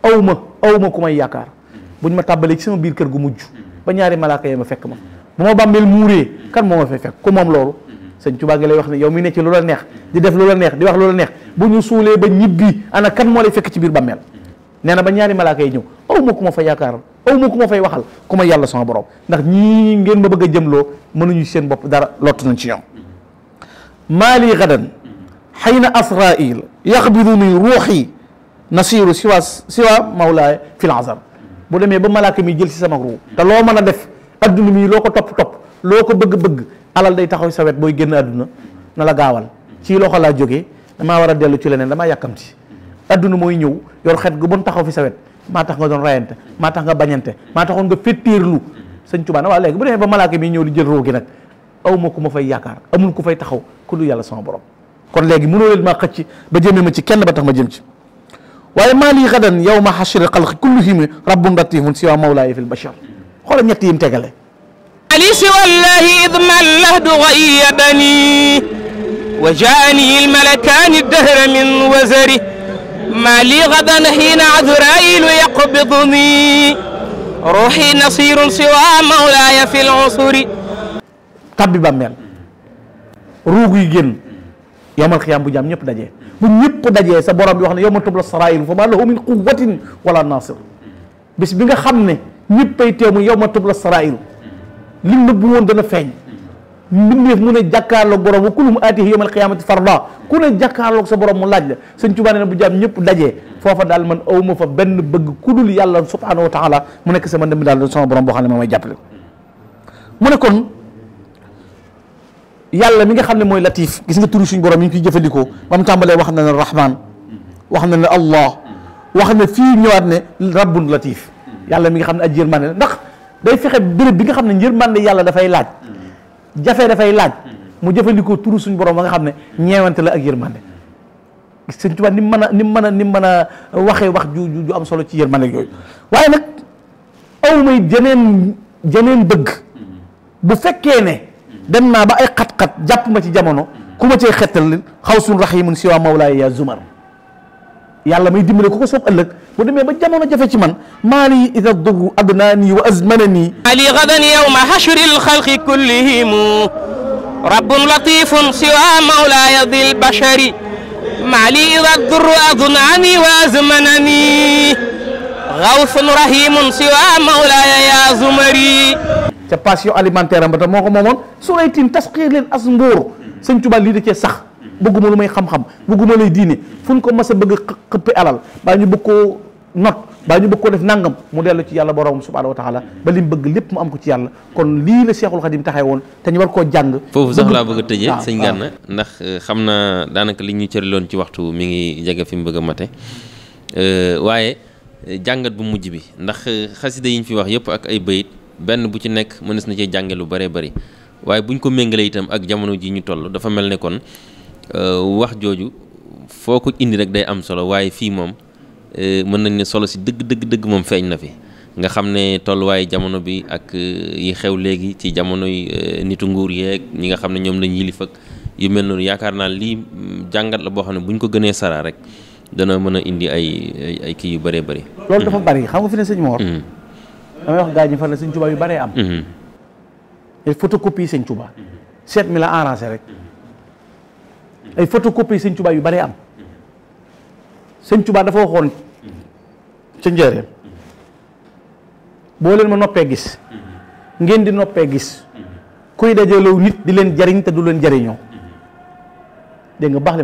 aw ma aw ku may yaakaar buñ ma tàbbalee ci sama biir kër gu mujj ba ñaari malaaka yi ma fekk ma bu ma bàmmeel muuree kan moo ma fay fekk ku moom loolu mm-hmm. sëñ Tuubaa ngi lay wax ne yow mi nekk ci lu la neex di def lu la neex di wax lu la neex bu ñu suulee ba ñibbi ana kan moo lay fekk ci biir bàmmeel mm-hmm. nee na ba ñaari malaaka yi ñëw aw ma ku ma fa yaakaaral aw ma ku ma fay waxal ku ma yàlla sama borom ndax ñii ngeen ma bëgg a jëmloo mënuñu seen bopp dara lott nañ ci ñoom mm-hmm. maali gadan xayna asrail yaxbidu ni ruuxi nasiru siwa siwa mawlaaya fil azab bu demee ba malaaka mi jël si sama ruu te loo mën a def adduna mii loo top top topp loo ko bëgg-bëgg alal day taxaw sa wet booy génn adduna na la gaawal ci loxo laa jógee damaa war a dellu ci leneen damaa yàkkamti adduna mooy ñëw yor xet gu bon taxaw fi sa wet maa tax nga doon rayante maa tax nga bañante maa taxoon nga féttéerlu sëñ Tuubaa na waa léegi bu demee ba malaaka mi ñëw di jël roo gi nag aw ma ku ma fay yaakaar amul ku fay taxaw ku du yàlla sama borom kon léegi mënoo leen maa xëcc ba jëmee ma ci kenn ba tax ma jëm ci waaye maa lii xadan yow ma xasiri xalqi rabbun latifun siwa mawlaaya fil bashar xoolal ñett yim tegale alisi wallahi id mallahdu ghayyabani wa jaani almalakani dahra min wazari ma li gadan hina azrailu yaqbiduni ruuxi nasirun siwa mawlaaya fi lusuri tabbi bàmmeel ruug yi génn yowmal xiyaam bu jaam ñëpp dajee bu ñëpp dajee sa borom bi wax ne yowma tubla sarair fa ma lahu min quwatin wala nasir bis bi nga xam ne ñëppay teemu yow ma tubla saraa'iru li mu nëbbu woon dana feeñ mbindeef mu ne jàkkaarloog borom wa kulum aatihi yawmal qiyaamati farda ku ne jàkkaarloog sa borom mu laaj la sëñ Tuubaa nee na bu jaam ñëpp dajee foofa daal man aw ma fa benn bëgg ku dul yàlla subhaanahu wa taala mu nekk sama ndëmbi daal sama borom boo xam ne moo may jàppale mu ne kon yàlla mi nga xam ne mooy latif gis nga turu suñu borom yi ñu koy jëfandikoo ba mu tàmbalee wax na ne rahman wax na ne allah wax na fii ñëwaat ne rabbun latif yàlla mi ngi xam ne aji yërmande la ndax day fexe béréb bi nga xam ne yërmande yàlla dafay laaj jafe dafay laaj mu jëfandikoo turu suñu borom ba nga xam ne ñeewante la ak yërmande sëñ Tuubaa ni mën a ni mën a ni mën a waxee wax ju ju am solo ci yërmande yooyu waaye nag aw may jeneen jeneen bëgg bu fekkee ne dem naa ba ay xat-xat jàpp ma ci jamono ku ma cee xettal xaw suñ rahimun siwa mawlaaya ya zumar yalla may dimbali ko ko sopp ëlëk bu démé ba jamono jafé ci man mali idha dhu adnani wa azmanani ali ghadan yawm hashr al khalq kullihim رب لطيف سوى مولاي ذي البشر مالي إذا الضر أظنعني وأزمنني غوث رحيم سوى مولاي يا زمري تباسيو أليمانتير أمبتا موكو مومون سوليتين تسقير للأزمبور سنتوبا ليدكي سخ bëgguma lu may xam-xam bëgguma lay diine masa ko mësa bëgg xëppe alal baa ñu bëgg ko not baa ñu bëgg ko def nangam mu delu ci yalla borom subhanahu wa taala ba lim bëgg lepp mu am ko ci yalla kon li la Cheikhul Khadim taxee won té ñu war ko jang fofu sax la bëgg a señ sëñ ndax euh, xamna danaka daanaka li ñu cëriloon ci waxtu mi ngi jege fi mu bëgg maté euh wayé euh, jangat bu mujj bi ndax khassida euh, yiñ fi wax yépp ak ay bayit benn bu ci nekk mënes na ci lu bari bari buñ ko mengalé itam ak jamono ji ñu tollu dafa melni kon Euh, wax jooju foo ko indi rek day am solo waaye fii moom euh, mën nañ ne solo si dëgg dëgg dëgg moom feeñ na fi nga xam ne tolluwaayu jamono bi ak euh, yi xew léegi ci jamono jamonoy nitu nguur yeeg ñi nga xam ne ñoom lañ yilif ak yu mel noonu yaakaar naa lii mm, jàngat la boo xam ne bu ñu ko gënee saraa rek dana mën a indi ay ay kii yu bëree bëri. loolu dafa mm-hmm. bari xam nga fi ne sëñ Mor. Mm-hmm. la sëñ mm-hmm. seet mi la arrangé rek. ay photocopie sëñ Tuubaa yu bari am sëñ Tuubaa dafa waxoon ca njëriñ boo leen ma noppee gis ngeen di noppee gis kuy dajalew nit di leen jariñ te du leen jariñoo dégg nga baax li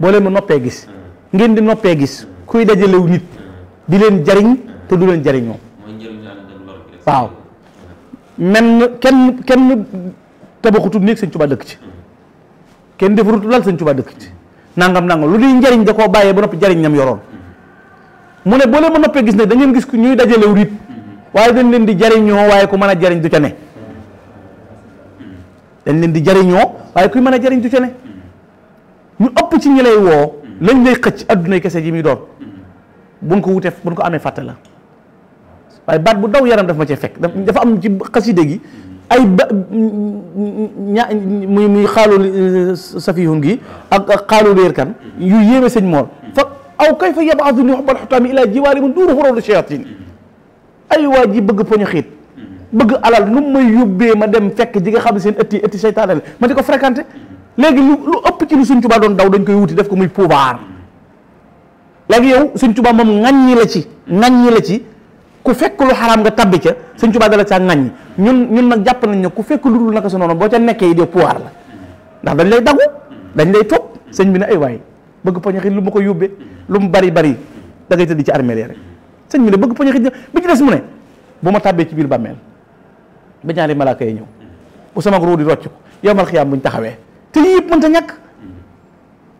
boo leen ma noppee gis ngeen di noppee gis kuy dajalew nit di leen jariñ te du leen jariñoo waaw menn kenn kenn tabaxutu néeg sëñ Tuubaa dëkk ci kenn defarut lal sëñ Tuubaa dëkk ci nangam nangam lu di njariñ da koo bàyyee ba noppi njariñ ñam yoroon mu ne boo leen ba noppee gis ne da gis ku ñuy dajalew rit waaye dañ leen di jariñoo waaye ku mën a jariñ du ca ne leen di jariñoo waaye kuy mën a jariñ du ca ne ñu ëpp ci ñi lay woo lañ lay xëcc addunay kese yi muy doon buñ ko wutee buñ ko amee fàtte la waaye baat bu daw yaram daf ma cee fekk dafa am ci xaside gi ay ba ña muy muy xaalu euh, safihun gi ak ak xaalu kan yu yéeme sëñ mool fa aw kayfa yabaaduni xubbal xutaami ilaa jiwaari mun duuru xuróolu shayatin ay waa ji bëgg poñu xiit bëgg alal nu may yóbbee ma dem fekk ji nga xam ne seen ëtti ëtti seytaane la ma di ko fréquenté léegi lu lu ëpp ci lu suñ Tuubaa doon daw dañ koy wuti def ko muy pouvoir léegi yow Sëñ Tuubaa moom ŋaññi la ci ŋaññi la ci ku fekk lu xaraam nga tabbi ca sëñ Tuubaa dala caa ŋàññi ñun ñun nag jàpp nañ ne ku fekk lu dul naka sa noonu boo ca nekkee yi de pouvoir la ndax dañ lay dagu dañ lay topp sëñ bi na ay waay bëgg poñaxit lu ma ko yóbbee lu mu bari bari da ngay tëdd ci armeel rek sëñ bi ne bëgg poñaxit bi ci des mu ne bu ma tàbbee ci biir bàmmeel ba ñaari malaaka yi ñëw bu sama ruu di rocc ko yow mal xiyaam buñ taxawee te yii yëpp mënta ñàkk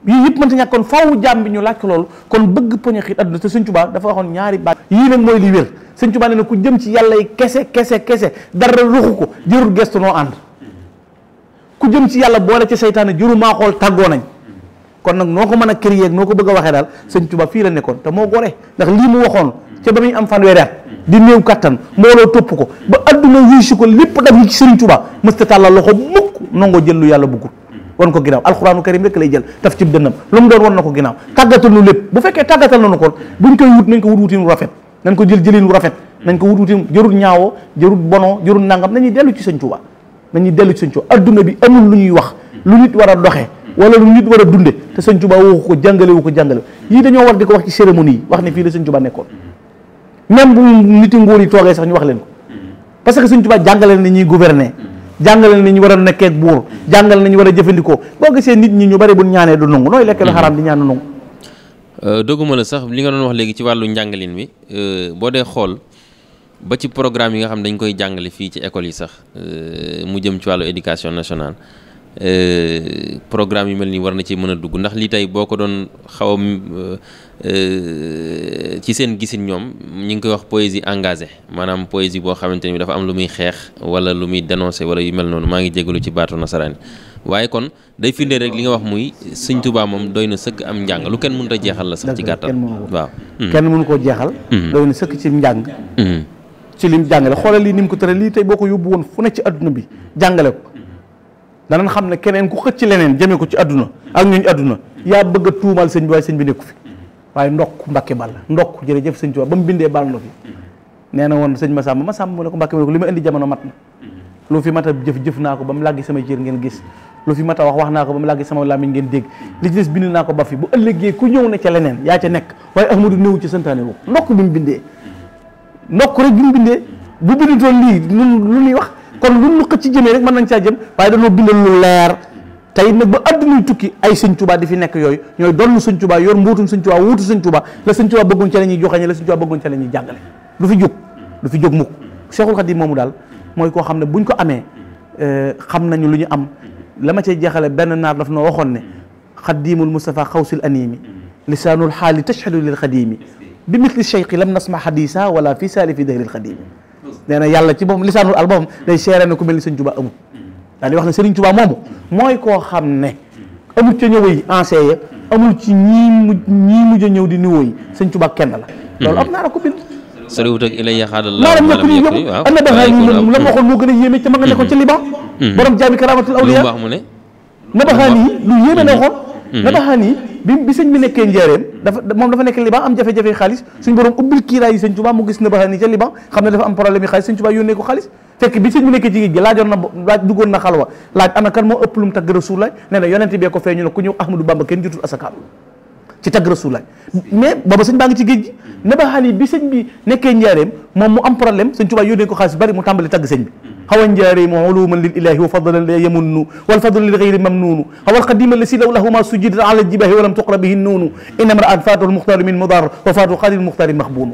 yii yëpp mënta ñàkk kon faaw jàmm bi ñu laaj ko loolu kon bëgg poñe xiit adduna te sëñ Tuubaa dafa waxoon ñaari baat yii nag mooy li wér sëñ Tuubaa nee na ku jëm ci yàlla kese kese kese dara ruxu ko jërul gestu noo ànd ku jëm ci yàlla boole ci seytaane jëru xool tàggoo nañ kon nag noo ko mën a créer noo ko bëgg a waxee daal sëñ Tuubaa fii la nekkoon te moo gore ndax lii mu waxoon ca ba muy am fanweeri at di néew kattan mbooloo tëpp ko ba adduna wuy si ko lépp daf yi ci sëñ Tuubaa mësta tàllal loxo mukk nangoo jël lu yàlla bëggul wan ko ginnaaw alxuraanu karim rek lay jël taf ci dënnam lu mu doon wan na ko ginnaaw tàggatal nu lépp bu fekkee tàggatal nañu kon buñ koy wut nañ ko wut wutin wu rafet nañ ko jël jëlin wu rafet nañ ko wut wutin jërul ñaawoo jërul bonoo jërul nangam nañuy dellu ci sañ Tuuba nañuy dellu ci sëñ Tuuba àdduna bi amul lu ñuy wax lu nit war a doxee wala lu nit war a dundee te sëñ Tuuba waxu ko jàngale wu ko jàngale yii dañoo war di ko wax ci cérémonie yi wax ne fii la sëñ Tuuba nekkoon même bu niti yi toogee sax ñu wax leen parce que sëñ Tuuba jàngale na ñuy gouverner jàngale nañu war a nekkee buur jàngale nañu war a jëfandikoo boo gisee nit ñi ñu bari bu ñaanee du nangu nooy lekk la xaraam di ñaan du euh, dogguma la sax li nga doon wax léegi ci wàllu njàngalin bi euh, boo dee xool ba ci programme yi nga xam dañ koy jàngale fii ci école yi sax euh, mu jëm ci wàllu éducation nationale Euh, programme yu mel nii war na ci mën a dugg ndax lii tey boo ko doon xaw a euh, ci seen gisin ñoom ñu ngi koy wax poésie engage maanaam poésie boo xamante ni dafa am lu muy xeex wala lu muy dénoncé wala yu mel noonu maa ngi jégalu ci baatu nasaraan waaye kon day firndee rek li nga wax muy sëñ Tuubaa moom doy na sëkk am njàng lu kenn mënut a jeexal la sax ci gàttal waaw hmm. kenn mënu koo jeexal hmm. doy na sëkk ci njàng hmm. ci lim jàngale xoolal lii ni mu ko tëral lii tey boo yóbbu woon fu ne ci adduna bi jàngale danañ xam ne keneen ku xëcc leneen jëmee ko ci àdduna ak ñooñu àdduna yaa bëgg a tuumal sëñ bi waaye sëñ bi nekku fi waaye ndokk Mbàkke Balla ndokk jërëjëf sëñ ba mu bindee bal na fi nee na woon sëñ Masamba Masamba mu ne ko Mbàkke mu ne ko li ma indi jamono mat na lu fi mat a naa ko ba mu làggi sama cër ngeen gis lu fi mat a wax wax naa ko ba mu làggi sama làmmiñ ngeen dégg li ci bind naa ko ba fi bu ëllëgee ku ñëw ne ca leneen yaa ca nekk waaye Ahmadu néew ci santaane wu ndokk bi mu bindee ndokk rek bi mu bindee bu bindutoon lii lu ñuy wax kon lu ñu xëcc jëme rek mën nañ ca jëm waye dañu bindal lu leer tay nak ba àddunay tukki ay sëñ touba di fi nekk yooyu ñooy doon sëñ touba yor mbootum sëñ touba wootu sëñ touba la sëñ touba bëggoon ci lañuy ñuy joxeñe la sëñ touba bëggoon ci lañuy jàngale du fi juk du fi juk mu Cheikhul Khadim momu dal moy ko xamne buñ ko amee xam nañu luñu am lama ci jexale ben benn naar daf noo waxoon ne khadimul Mustafa khawsul animi lisanul hal tashhadu lil khadim bi misli cheikhi lam nasma hadisa wala fi salif fi dahril khadim nee na yàlla ci moom lisaanul album day seere na ku mel ni sëñ Tuubaa amul daal di wax ne Serigne Touba moomu mooy koo xam ne amul ca ñëw yi enseigne ci ñii mujj a ñëw di niwoo yi sëñ Touba kenn la. loolu am naa la ko bind. soriwut ak ilay yaxaat la maanaam ñëpp nii yëpp am na dafa ñu la ma waxoon moo gën a yéeme ca ma nga nekkoon ca Liban. Hmm. borom jaabi karamatul awliya lu mu wax mu ne. nabaxaan yi lu yéeme na waxoon. Mhm. nabaxaan bi bi sëñ bi nekkee njareem dafa moom dafa nekk liban am jafe-jafe xaalis suñ borom ubbil kiiraay sëñ Tuubaa mu gis nabaxaan yi ca xam ne dafa am problème yi xaalis sëñ Tuubaa yónnee ko bi sëñ bi nekkee ci gi na laaj duggoon na xalwa laaj ana kan moo ëpp lu mu tagg Rasulullaah nee na yonente bee ko feeñu ne ku ñëw Ahmadou baa ngi ci géej gi nabaxaan nekkee njareem moom mu am problème sëñ Tuubaa yónnee ko xaalis bari mu tàmbali tagg sëñ bi هوى جارم علوما للإله وفضلا لا يمن والفضل للغير ممنون هو القديم الذي لوله ما سجدت على الجباه ولم تقرأ به النون إنما رأى فاته المختار من مضار وفاته قادر المختار مخبون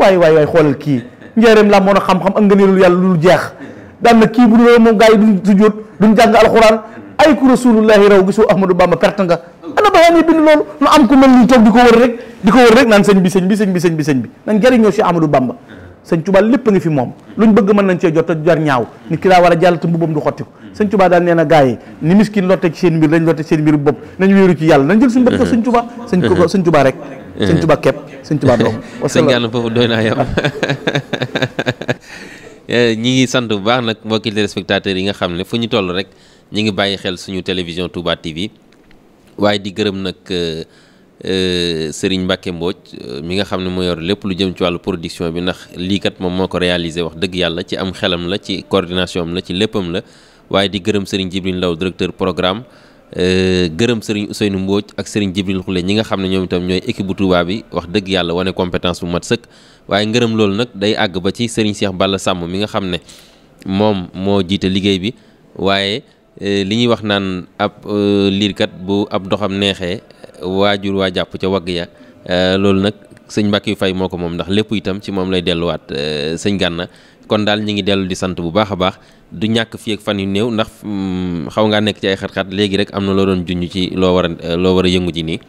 waay waay waay xoolal kii njaareem la moon a xam-xam ak ngëneelul yàlla lu jeex daan na kii bu dul moom gars yi duñ sujjóot duñ jàng alxuraan ay ku rasulullahi raw gisoo ahmadou bamba perte nga ana bayaan yi bind loolu nu am ku mel ni toog di ko wër rek di ko wër rek naan sëñ bi sëñ bi sëñ bi sëñ bi sëñ bi nan jëriñoo si ahmadou bamba sëñ Tuubaa lépp ngi fi moom luñ bëgg mën nañ cee jot te jar ñaaw nit ki daa war a jàll te mbubbam du xottiku hmm. sëñ Tuubaa daal nee na gars yi ni miskin lotte ci seen mbir dañ lotte ci seen mbir bopp nañ wéeru ci yàlla nañ jël suñu bopp ko hmm. sëñ Tuubaa sëñ ko hmm. sëñ Tuubaa rek sëñ Tuubaa képp sëñ Tuubaa doom sëñ Gana doy naa yam ñi ngi sant bu baax nag mbokki téléspectateurs yi nga xam ne fu ñu toll rek ñu ngi bàyyi xel suñu télévision Touba TV waaye di gërëm nag euh, Euh, Serigne Mbacke Mbodj euh, mi nga xam ne moo lépp lu jëm ci wàllu production bi ndax lii moom moo ko réalisé wax dëgg yàlla ci am xelam la ci coordination la ci léppam la waaye di gërëm Serigne Jibril Ndaw directeur programme euh, gërëm Serigne Ousseynou Mbodj ak Serigne Jibril Khoule ñi nga xam ne ñoom itam ñooy équipe bu bi wax dëgg yàlla wane compétence mat sëkk waaye ngërëm loolu nag day àgg ba ci Serigne Cheikh Balla Sàmm mi nga xam ne moom moo jiite liggéey bi waaye li ñuy wax naan ab liirkat bu ab doxam neexee wajur waa jàpp ca wagg ya eh, loolu nag sëñ Mbackiou Faye moo ko moom ndax lepp itam ci mom lay wat eh, sëñ ganna kon dal ñi ngi delu di sante bu baaxa baax du ñak fi ak fan yu neew ndax mm, xaw nga nek ci ay xat-xat legi rek amna lo doon juñu ci lo wara eh, lo wara yëngu ci ni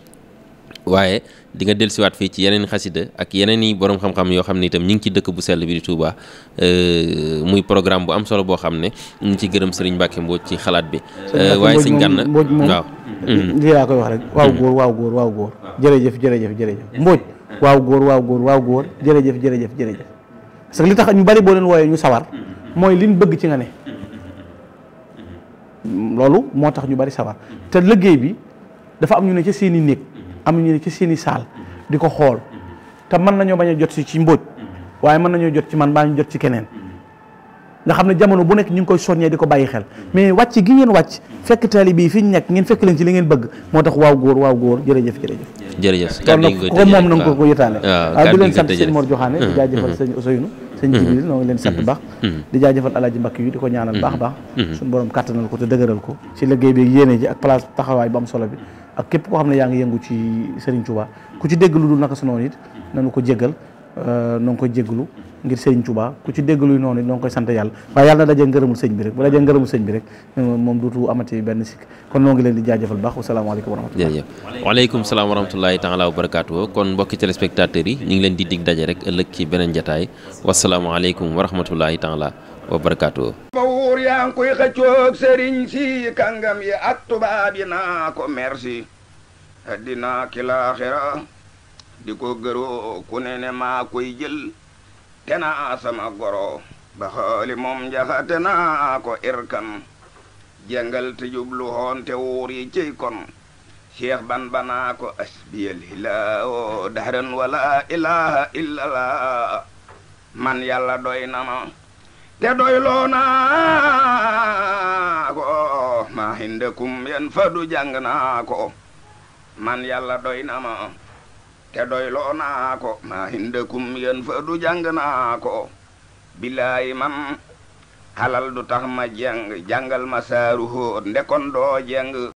waaye di nga wat fi ci yeneen xasida ak yeneen yi borom xam-xam yo xamni ne itam ñu ngi ci dekk bu sel bi di Touba muy programme bu am solo bo xamne ne ci gërëm Serigne Mbacke mbo ci xalaat bi. waye serigne ganna waaw lii laa koy wax rek waaw góor waaw góor waaw góor jërëjëf jërëjëf jërëjëf mbóoj waaw góor waaw góor waaw góor jërëjëf jërëjëf jërëjëf parce que li tax ñu bari boo leen wooyee ñu sawar mooy liñ bëgg ci nga ne loolu moo ñu bari sawar te liggéey bi dafa am ñu ne ci seen i am ñu ne ci seen i saal di ko xool te mën nañoo bañ a jot si ci mbóoj waaye mën nañoo jot ci man baa jot ci keneen nga xam ne jamono bu nekk ñu ngi koy soññee di ko bàyyi xel mais wàcc gi ngeen wàcc fekk taali bii fi ñu nekk ngeen fekk leen ci li ngeen bëgg moo tax waaw góor waaw góor jërëjëf jërëjëf jërëjëf kàddu ko moom na ko ko yëtaale waaw ah, ah, di leen sant sëñ Mor Joxaane di hmm. jaajëfal hmm. sëñ Ousseynou sëñ hmm. di jaajëfal alaaji Mbakki yu di ko ñaanal baax baax suñu borom kàttanal ko te dëgëral ko ci liggéey bi yéene ji ak place taxawaay bu am solo bi ak képp koo xam ne yaa ngi yëngu ci Serigne Touba ku ci dégg lu dul naka su noonu it nanu ko jéggal noo euh, ngi ko jéggalu ngir sëriñ Touba ku ci dégg luy noonu ñoo koy sante yalla ba yalla na dajee ngërëmul sëñ bi rek wala dajee ngërëmul sëñ bi rek mom dutu amati ben sik kon mo ngi leen di bax assalamu alaykum wa rahmatullahi wa alaykum assalam wa rahmatullahi taala wa barakatuh kon mbokki téléspectateurs yi ñi ngi leen di dig daje rek ëlëk ci benen jotaay wa assalamu alaykum wa rahmatullahi taala wa barakatuh bawur yaa ngi koy xëccok sëriñ ci kangam yi ak touba bi na ko merci adina ki laaxira di ko ku ne ne maa koy jël te naa goro ba xooli moom njaxate naa ko irkan jàngal te jublu xoon te wuur ciy kon cheikh ban banaa ko asbiyal hilaawo dahran wala ilaha illallah man yàlla doy na ma te doy loo naa ko maa hindakum yan fadu jàng naa ko man yàlla doy na ma te doyloo naa ko maa hindakum yéen fa du jàng naa ko billaay man xalal du tax ma jeng jàngal ma saaru hóot ndekon doo jeng